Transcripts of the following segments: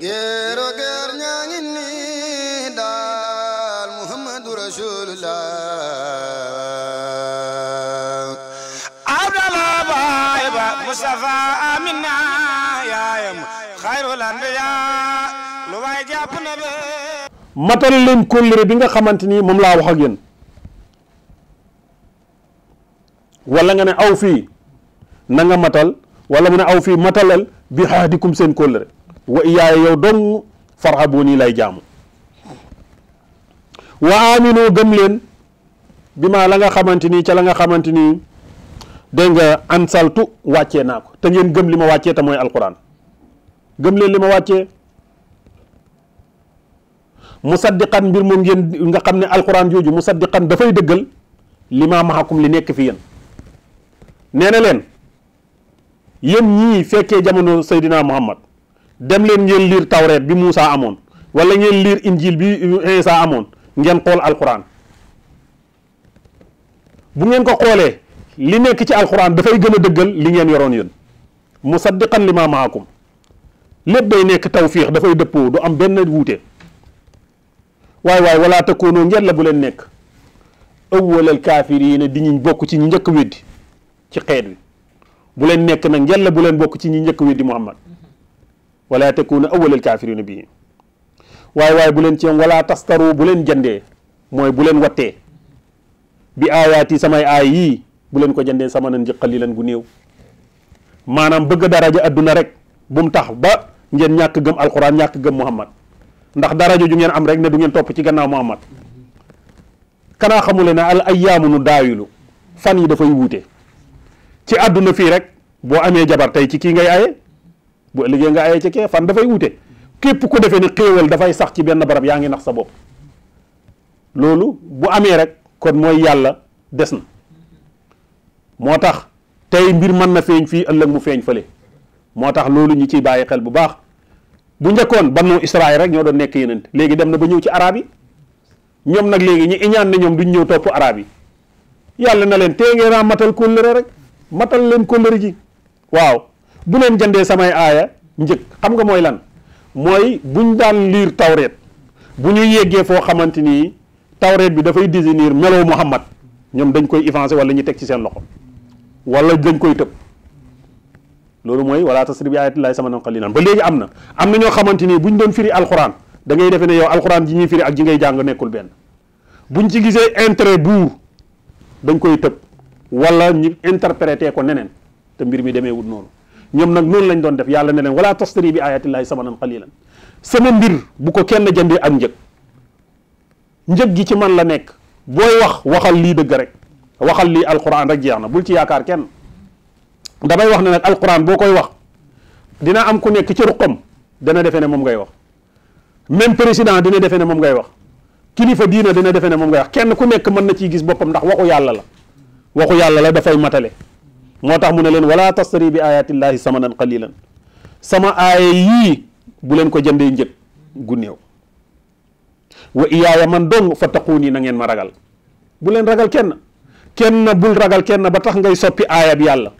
géero géer ñaa ngi nii daal muhammadu rasulullah abdala baay ba mustafa amina yaayam xayrul anbiya lu waay jàpp na be matal leen bi nga xamante ni moom laa wax ak yéen nga ne aw fii nga matal wala mu ne aw fii matalal bi xaadikum seen kóllëre wa iyaaya yow dong farhabuni lay jaamu wa gëm leen bi ma la nga xamante ni ca la nga xamante ni dégg nga ansaltu wàccee naa ko te ngeen gëm li ma wàccee te mooy alquran gëm leen li ma wàccee musaddiqan mbir moom ngeen nga xam ne alquran jooju musaddiqan dafay dëggal li ma maxakum li nekk fi yéen nee na leen yéen ñii fekkee jamono Seydina Muhammad dem leen ngeen liir tawreet bi Moussa amoon wala ngeen liir injil bi Isa amoon ngeen xool alquran bu ngeen ko xoolee li nekk ci alxuraan dafay gën a dëggal li ngeen yoroon yéen musaddiqan li ma maakum lépp day nekk tawfiix dafay dëppoo du am benn wuute waaye waaye wala takoonoo ngeen la bu leen nekk awwalal kaafiriina di ñu bokk ci ñi njëkk weddi ci xeet wi bu leen nekk na ngeen la bu leen bokk ci ñu njëkk weddi Muhammad wala takunu awwalal kaafirina bii waaye waaye bu leen ci yam wala tastaru bu leen jëndee mooy bu leen wattee bi aayaati samay aay yii bu leen ko jëndee sama nan yi qalilan gu néew maanaam bëgg daraja àdduna rek bu mu tax ba ngeen ñàkk gëm alquran ñàkk gëm muhammad ndax daraja ju ngeen am rek ne du ngeen topp ci gannaaw muhammad kanaa xamule ne ay ayyaamu nu daawilu fan yi dafay wuute ci àdduna fii rek boo amee jabar tey ci kii nga aye bu liggéey nga ayee ci kee fan dafay wute képp ku defee ne xéewal dafay sax ci benn barab yaa ngi nax sa bopp loolu bu amee rek kon mooy yàlla des na moo tax tey mbir mën na feeñ fii ëllëg mu feeñ fële moo tax loolu ñi ciy bàyyi xel bu baax bu njëkkoon bannu Israël rek ñoo doon nekk yeneen léegi dem na ba ñëw ci araab yi ñoom nag léegi ñu iñaan ne ñoom duñ ñëw topp araab yi yàlla na leen tee ngeen a matal kóllëre rek matal leen kóllëre ji waaw bu leen jëndee samay aaya njëg xam nga mooy lan mooy buñ daan liir tawreet bu ñu yeggee foo xamante ni tawreet bi dafay désinir melow Muhammad ñoom dañ koy effacé wala ñu teg ci seen loxo wala dañ koy tëb loolu mooy wala tasri bi ayatillahi samanan qalilan ba léegi am na am na ñoo xamante bu buñ doon firi alxuraan da ngay defee ne yow alxuraan ji ñuy firi ak ji ngay jàng nekkul benn buñ ci gisee intérêt buur dañ koy tëb wala ñu interpréter ko neneen te mbir mi demee noonu ñoom nag noonu lañ doon def yàlla ne leen wala tastari bi ayatillahi samanan qalilan sama mbir bu ko kenn jëndee ak njëg njëg gi ci man la nekk booy wax waxal lii dëgg rek waxal lii alquran rek jeex na bul ci yaakaar kenn damay wax ne nag alquran boo koy wax dina am ku nekk ci ruqam dana defe ne moom ngay wax même président dina defe ne moom ngay wax kilifa diina dina defe ne moom ngay wax kenn ku nekk mën na ciy gis boppam ndax waxu yàlla la waxu yàlla la dafay matale moo tax mu ne leen wala tastari bi ayatillahi samanan qalilan sama aaya yii bu leen ko jëndee njëg gu néew wa iyaaya man dong fa taquuni na ngeen ma ragal bu leen ragal kenn kenn bul ragal kenn ba tax ngay soppi aaya yàlla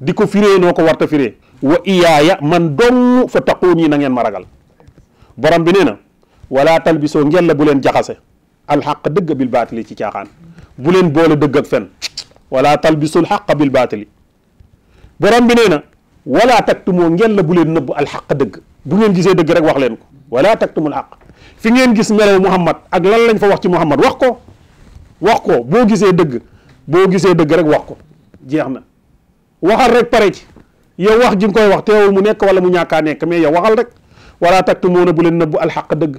di ko firee noo ko warta firee wa iyaaya man dong fa taquuni na ngeen ma ragal borom bi nee na wala talbisoo ngeen bu leen jaxase alxaq dëgg bil baatili ci caaxaan bu leen boole dëgg ak fen wala talbisul xaqa bil baatili borom bi nee na wala taktumoo ngeen la bu leen nëbb alxaq dëgg bu ngeen gisee dëgg rek wax leen ko wala taktumul xaq fi ngeen gis melaw Muhammad ak lan lañ fa wax ci Muhammad wax ko wax ko boo gisee dëgg boo gisee dëgg rek wax ko jeex na waxal rek pare ci yow wax ji koy wax teewul mu nekk wala mu ñàkkaa nekk mais yow waxal rek wala taktumoona bu leen nëbb alxaq dëgg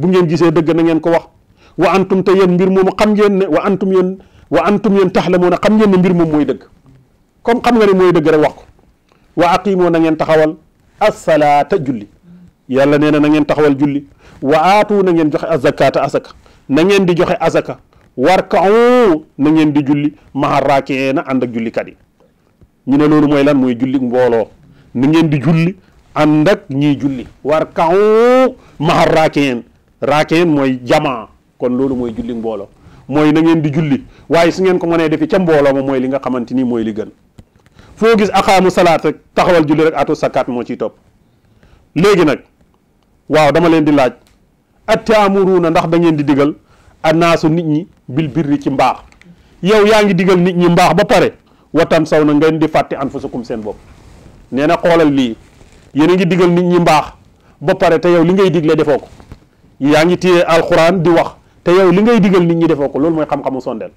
bu ngeen gisee dëgg na ngeen ko wax wa antum te yéen mbir moom xam ngeen ne wa antum yéen wa antum yéen taxlamuuna xam ngeen ne mbir moom mooy dëgg comme xam nga ne mooy dëgg rek wax ko wa aqimoo na ngeen taxawal assalaata julli yàlla nee na na ngeen taxawal julli wa aatu na ngeen joxe a azakata azaka na ngeen di joxe azaka warkau na ngeen di julli maha raakee na ànd ak jullikat yi ñu ne loolu mooy lan mooy julli mbooloo na ngeen di julli ànd ak ñiy julli warkau maha raakeen raakeen mooy jamaa kon loolu mooy julli mbooloo mooy na ngeen di julli waaye su ngeen ko mënee defi ca mbooloo ma mooy li nga xamante ni mooy li gën foo gis aqaamu salaat rek taxawal julli rek atu sakaat moo ciy topp léegi nag waaw dama leen di laaj na ndax dangeen di digal annaasu nit ñi bil birri ci mbaax yow yaa ngi diggal nit ñi mbaax ba pare watan saw na ngeen di fàtte anfusakum seen bopp nee na xoolal lii yéen a ngi digal nit ñi mbaax ba pare te yow li ngay digle defoo ko yaa ngi téye alxuraan di wax te yow li ngay digal nit ñi defoo ko loolu mooy xam-xamu sondeel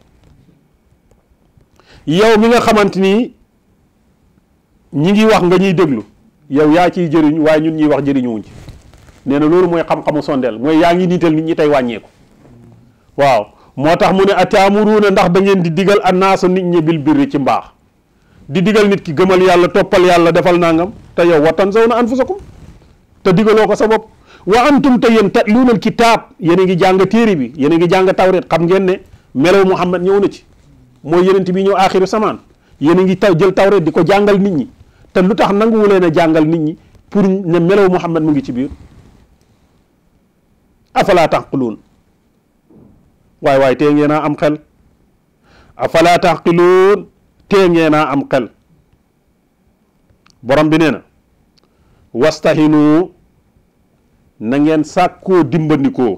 yow mi nga xamante ni ñi ngi wax nga ñuy déglu yow yaa ciy jëriñ waaye ñun ñuy wax jëriñuwuñ ci nee na loolu mooy xam-xamu sondeel mooy yaa ngi niital nit ñi tey wàññeeku waaw moo tax mu ne ataamuruuna ndax da ngeen di digal annaasa nit ñi bil birri ci mbaax di digal nit ki gëmal yàlla toppal yàlla defal nangam te yow wattan saw na anfusakum te digaloo ko sa bopp wa antum te yéen tatluuna al kitaab yéen a ngi jàng téere bi yéen a ngi jàng tawreet xam ngeen ne melaw Muhammad ñëw na ci mooy yenent bi ñëw aaxiru samaan yéen a ngi taw jël tawreet di ko jàngal nit ñi te lu tax nanguwu leen a jàngal nit ñi pour ne melaw Muhammad mu ngi ci biir afala taqiluun waaye waay tee ngeen a am xel afala taqiluun tee ngeen am xel borom bi nee na wastahinu na ngeen sàkkoo dimbandikoo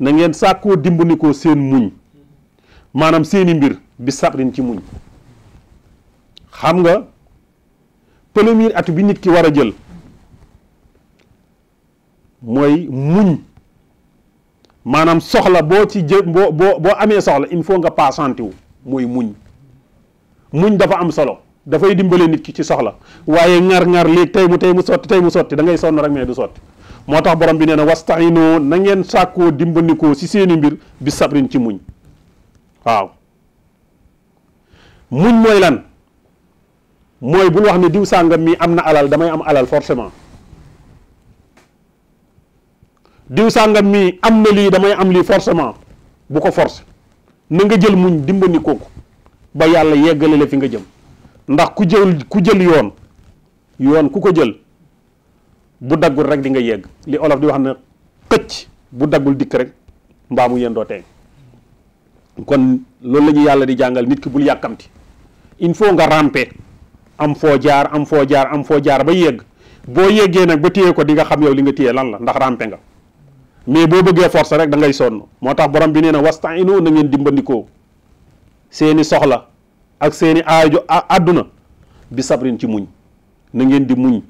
na ngeen sàkkoo dimbandikoo seen muñ maanaam seeni mbir bi sabrin ci muñ xam nga premier atu bi nit ki war a jël mooy muñ maanaam soxla boo ci jë boo boo boo amee soxla il faut nga patienté wu mooy muñ muñ dafa am solo dafay dimbale nit ki ci soxla waaye ŋar-ŋar léegi tey mu tey mu sotti tey mu sotti da ngay sonn rek mais du sotti moo tax borom bi nee na wastaino na ngeen sàkkoo dimbandikoo si seeni mbir bi sabrin ci muñ waaw muñ mooy lan mooy bul wax ne diw sàngam mi am na alal damay am alal forcément diw sàngam mi am na lii damay am lii forcément bu ko force na nga jël muñ dimbandikoo ko ba yàlla yeggale la fi nga jëm ndax ku jël ku jël yoon yoon ku ko jël bu daggul rek di nga yegg li olof di wax na xëcc bu daggul dikk rek mbaamu mu yendoo tey kon loolu la ñu yàlla di jàngal nit ki bul yàkkamti il faut nga ramper am foo jaar am foo jaar am foo jaar ba yegg boo yeggee nag ba téye ko di nga xam yow li nga téye lan la ndax ramper nga mais boo bëggee force rek da ngay sonn moo tax borom bi nee na wastainu na ngeen dimbandikoo seeni soxla ak seeni aajo àdduna bi sabrin ci muñ na ngeen di muñ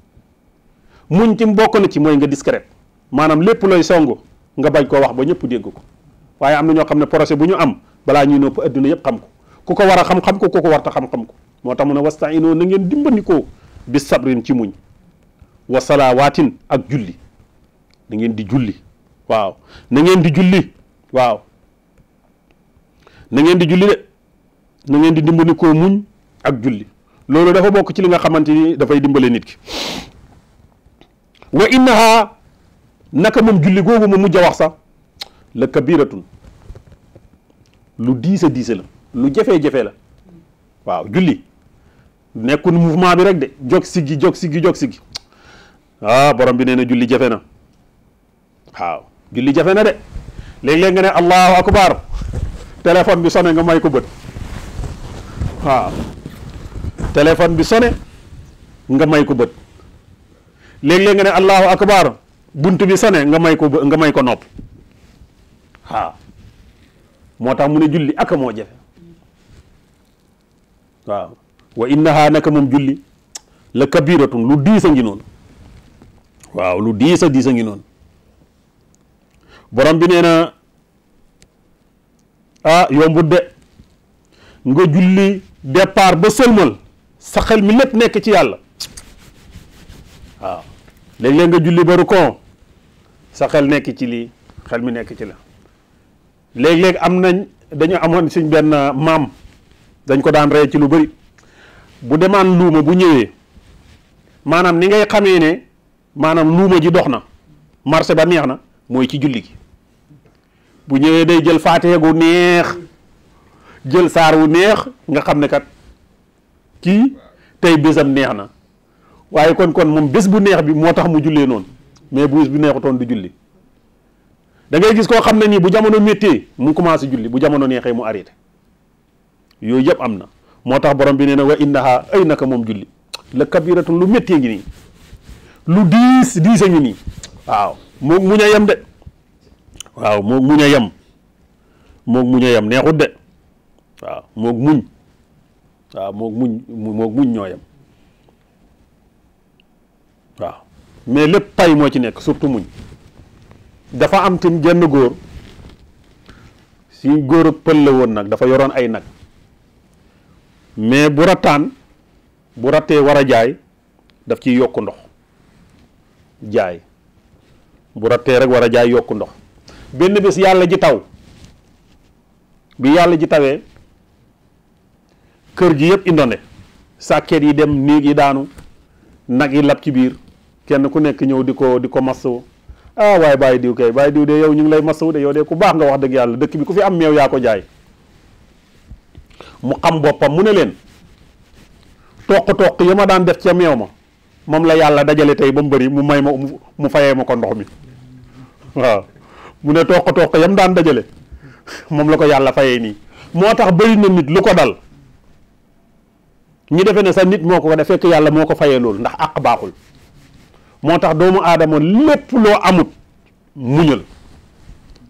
muñ ci bokk na ci mooy nga discret maanaam lépp looy song nga bañ koo wax ba ñëpp dégg ko waaye am na ñoo xam ne projet bu ñu am balaa ñuy nopp adduna yëpp xam ko ku ko war a xam-xam ko ku ko warta xam-xam ko moo tax mu ne wastainoo na ngeen dimbandikoo bi sabrin ci muñ wa salawaatin ak julli na di julli waaw na di julli waaw di julli de na ngeen di dimbali koo muñ ak julli loolu dafa bokk ci li nga xamante ni dafay dimbale nit ki wa innaha naka moom julli googu ma mujj a wax sax la kabiratun lu diisa diise la lu jafee-jafe la waaw julli nekkul mouvement bi rek de jog siggi jog siggi jog siggi ah borom bi nee na julli jafe na waaw julli jafe na de léeg-léeg nga ne allahu akbar téléphone bi sonné nga may ko bët waaw téléphone bi sone nga may ko bët léeg-léeg nga ne allahu akbar bunt bi sone nga may ko nga may ko nopp waaw moo tax mu ne julli ak moo jafe waaw wa innaha naka moom julli la kabiratun lu diis a ngi noonu waaw lu diis a diis a ngi noonu borom bi nee na ah yombut de nga julli départ ba sëlmal sa xel mi lépp nekk ci yàlla waaw léeg leen nga julli ba rukon sa xel nekk ci lii xel mi nekk ci la léegi léeg am nañ dañu amoon suñ benn maam dañ ko daan rey ci lu bari bu demaan luuma bu ñëwee maanaam ni ngay xamee ne maanaam luuma ji dox na marché ba neex na mooy ci julli gi bu ñëwee day jël faatee neex jël saar wu neex nga xam ne kat kii tey bésam neex na waaye kon kon moom bés bu neex bi moo tax mu jullee noonu mais bu bu neexutoon du julli dangay gis koo xam ne nii bu jamono méttee mu commencé julli bu jamono neexee mu arrêté yooyu yëpp am na moo tax borom bi nee na wa innaha ay naka moom julli la kabiratun lu méttee ngi nii lu diis diis ngi nii waaw moom muñ a yem de waaw moom muñ a yem moom muñ a yem neexut de waaw moog muñ waaw moog muñ moog muñ ñoo waaw mais lépp pay moo ci nekk surtout muñ dafa am tim genn góor si góor pël la woon nag dafa yoroon ay nag mais bu rataan bu rattee war a jaay daf ci yokk ndox jaay bu rattee rek war a jaay yokk ndox benn bés yàlla ji taw bi yàlla ji tawee kër gi yëpp indone sàkket yi dem néeg yi daanu nag yi lab ci biir kenn ku nekk ñëw di ko di ko masawu ah waaye bàyyi diw kay bàyyi diw de yow ñu ngi lay masawu de yow de ku baax nga wax dëgg yàlla dëkk bi ku fi am meew yaa ko jaay mu xam boppam mu ne leen toq-toq ya ma daan def ca meew ma moom la yàlla dajale tey ba mu bëri mu may ma mu fayee ma ko ndox mi waaw mu ne toq-toq yam daan dajale moom la ko yàlla fayee nii moo tax bëri na nit lu ko dal. ñu defe ne sax nit moo ko ko fekk yàlla moo ko fayee loolu ndax àq baaxul moo tax doomu aadama lépp loo amut muñal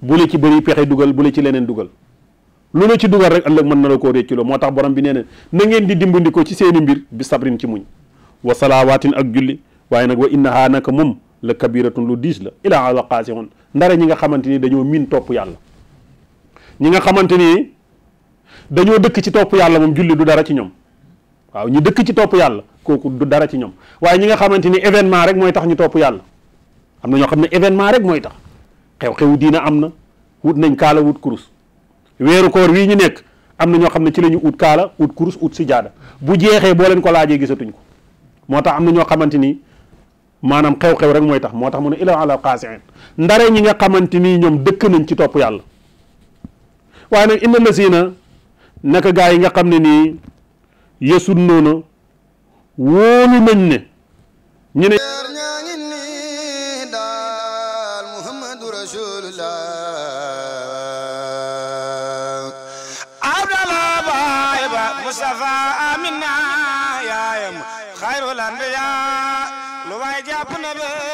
bu la ci bëri pexe dugal bu la ci leneen dugal lu la ci dugal rek ëllëg mën na la koo récculoo moo tax borom bi nee na na ngeen di dimbandikoo ci seeni mbir bi sabrin ci muñ wa salawaatin ak julli waaye nag wa innahaa naka moom la kabiratun lu diis la ilaa ala qaasihun ndare ñi nga xamante ni dañoo miin topp yàlla ñi nga xamante ni dañoo dëkk ci topp yàlla moom julli du dara ci ñoom waaw ñu dëkk ci topp yàlla kooku du dara ci ñoom waaye ñi nga xamante ni événement rek mooy tax ñu topp yàlla am na ñoo xam ne événement rek mooy tax xew-xewu diina am na wut nañ kaala wut kurus weeru koor wii ñu nekk am na ñoo xam ne ci la ut kaala ut kurus ut si jaada bu jeexee boo leen ko laajee gisatuñ moo tax am na ñoo xamante ni maanaam xew rek mooy tax moo tax mu ne ila ala qaasiin ndare ñi nga xamante ni ñoom dëkk nañ ci topp yàlla waaye nag inna lazina naka gaa yi nga xam ne nii yesul noona wóolu nañ ne ñu ne ñaa muhammadu rasulullah abdallah baay ba mustafa amina yaayam xayrul anbiya lu waay na be